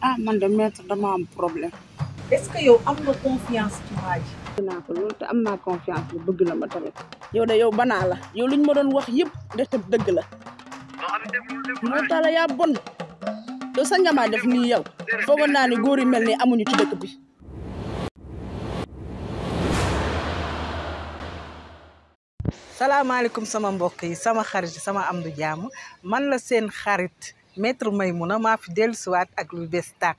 ah man de maître dama am problème. est-ce que yow am na confiance ci waa ji. naa ko loolu te am naa confiance bi bëgg la ma tamit. yow de yow banaa la yow li ñu ma doon wax yépp ndaxte dëgg la. moo tax la yaa bon. yow sañ nga maa def nii yow. foogoon naa ne góor yi mel ni amuñu ci dëkk bi. salaamaaleykum sama mbokk yi sama xarit sama am du jàmm man la seen xarit. maître Maymouna ma fi soit ak lu bes tak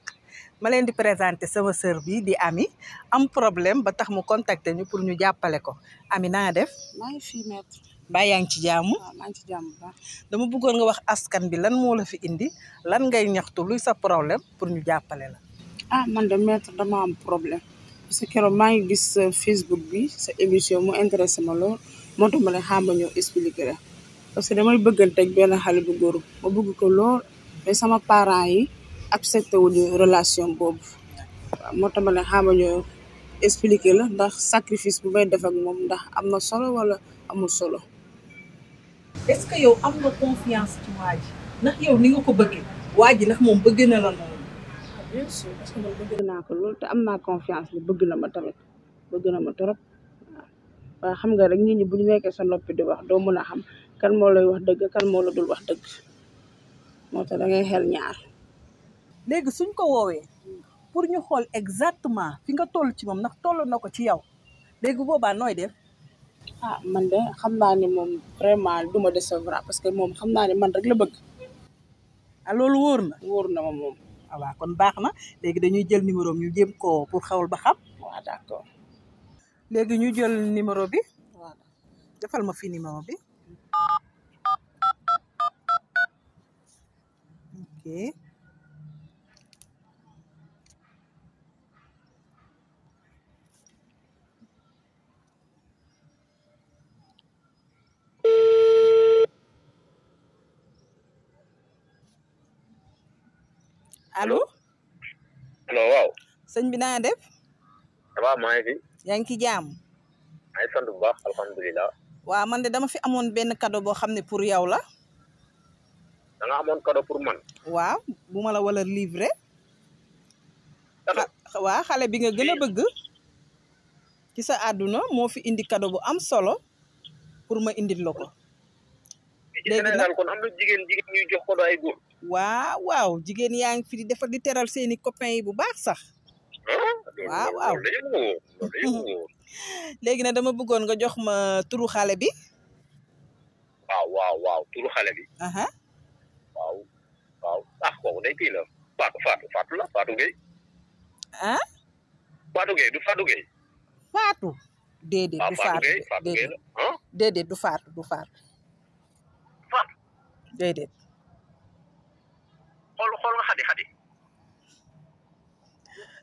ma leen di présenter sama sœur bi di Ami am problème ba tax mu contacter ñu pour ñu jappalé ko Ami na def. ma ngi fi maître. ba yang ci jàmm. maa ngi ci jàmm ba dama bëggoon nga wax askan bi lan mo la fi indi lan ngay ñaxtu luy sa problème pour ñu jappalé la. ah man de maître dama am problème parce que keroog maa ngi gis Facebook bi sa émission mu intéressé ma lool moo tax ma ne expliquer la. parce que damay bëggal teg benn xale bu góor ma bëgg ko lool mais sama parents yi accepté wuñu relation boobu waaw moo tax expliquer la ndax sacrifice bu may def ak moom ndax am na solo wala amul solo. yow am nga ko bëggee waa ji ndax moom bëgg na la noonu. naa ko lool te am naa confiance bi bëgg na ma tamit bëgg na ma trop. waaye euh, xam nga rek nit ñi bu ñu nekkee sa noppi di wax doo mën a xam kan moo lay wax dëgg kan moo la dul wax dëgg moo tax da ngay xel ñaar. léegi suñ ko woowee pour ñu xool exactement fi nga toll ci moom ndax toll na ko ci yow léegi boobaa nooy def. ah man de xam naa ne moom vraiment du ma décevoir parce que moom xam naa ne man rek la bëgg. ah loolu wóor na. wóor na ma moom. Ah, waaw kon baax na léegi dañuy jël numéro ñu jéem ko pour xawal ba xam. waaw d'accord. léegi ñu jël numéro bi voilà defal ma fi numéro bi ok allo. allo waaw. sëñ bi naa def. waaw maa fi. yaa ngi ci jàmm. maa sant bu baax alhamdulilah. waaw man de dama fi amoon benn kado boo xam ne pour yow la. da amoon cadeau pour man. waa bu ma la wala livré. waa xale bi nga gën a bëgg. ci sa àdduna moo fi indi cadeau bu am solo pour ma indi la ko. léegi ko ay góor. waaw waaw jigéen yaa ngi fi di defar di teral seeni copains yi bu baax sax. waaw waaw léegi nag dama bëggoon nga jox ma turu xale bi. waaw waaw waaw turu xale bi. waaw waaw ah kooku day kii la Fatou Fatou Fatou la Fatou Gueye. ah. Fatou Gueye du Fatou Gueye. Fatou. Ah, ah? déedéet du du Fatou du Fatou. Fatou. déedéet.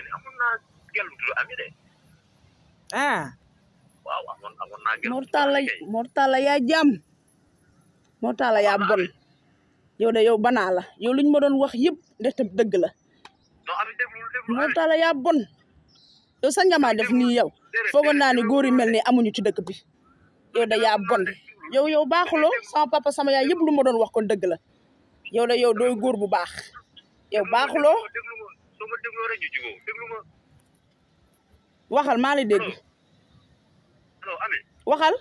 ini aku nagel dulu aja deh ah wow aku aku nagel mortal lagi mortal lagi jam mortal lagi abon yow de yow banaa la yow liñ ma doon wax yëpp ndef tam mortal lagi abon yow sa nga ma def nii yow foogoon naa ni góor yi mel ni amuñu ci dëkk bi yow da yaa bon yow yow baaxuloo sama papa sama yaay yëpp lu ma doon wax kon dëgg la yow da yow dooy góor bu baax yow baaxuloo soo ma dégloo rek ñu jubóo déglu ma. waxal maa ngi lay dégg. allo Ami. waxal.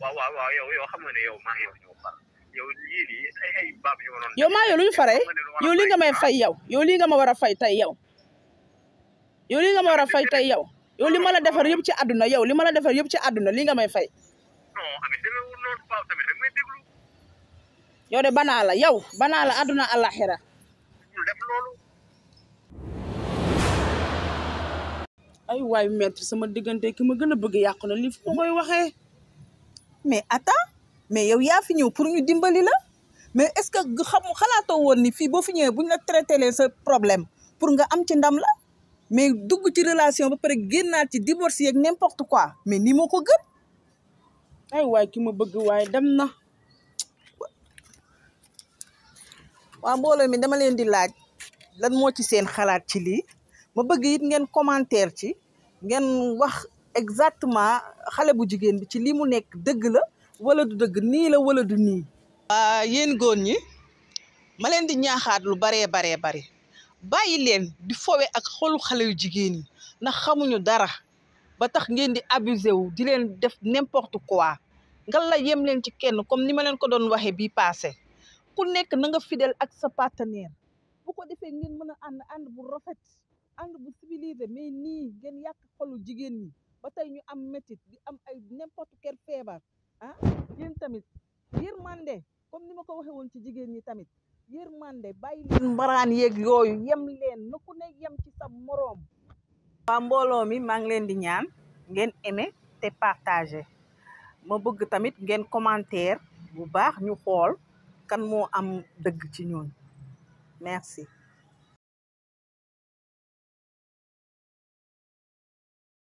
waaw waaw waaw yow yow xam nga ne yow maa ngi yow ñoo far yow lii nii ay ay baab yoo doon. yow maa yow lu ñu faree yow lii nga may fay yow yow lii nga ma war a fay tey yow. yow lii nga ma war a fay tey yow yow li ma la defar yëpp ci àdduna yow li ma la defar yëpp ci àdduna lii nga may fay. non Ami demeewul noonu Pao tamit da ngay déglu. yow de banaa la yow banaa la àdduna àllaaxira def loolu. ay waay maître sama diggante ki ma gën a bëgg yàqu na lii fu ma koy waxee. mais attends mais yow yaa fi ñëw pour ñu dimbali la mais est-ce que xam xalaatoo woon ni fii boo fi ñëwee bu ñu la traité leen sa problème pour nga am ci ndam la mais dugg ci relation ba pare génnaat ci divorce yeeg n'importe quoi mais ni moo ko gën. ay waay ki ma bëgg waaye dem na. waa mbooloo mi dama leen di laaj lan moo ci seen xalaat ci lii. ma bëgg it ngeen commentaire ci ngeen wax exactement xale bu jigéen bi ci lii mu nekk dëgg la wala du dëgg nii la wala du nii. yéen góor ñi ma leen di ñaaxaat lu baree baree bari bàyyi leen di fowe ak xolu xale yu jigéen yi ndax xamuñu dara ba tax ngeen di abusé wu di leen def n'importe quoi ngal la yem leen ci kenn comme ni ma leen ko doon waxee bii passé ku nekk na nga fidèle ak sa partenaire bu ko defee ngeen mën a ànd ànd bu rafet. ànd bu civilisé mais nii ngeen yàq xolu jigéen ñi ba tey ñu am métit di am ay n'importe quel feebar ah yéen tamit yërmande comme ni ma ko waxee woon ci jigéen ñi tamit yërmande bàyyi leen mbaraan yeeg yooyu yem leen na ku ne yem ci sa moroom waa mbooloo mi maa ngi leen di ñaan ngeen aimé te partagé ma bëgg tamit ngeen commentaire bu baax ñu xool kan moo am dëgg ci ñun merci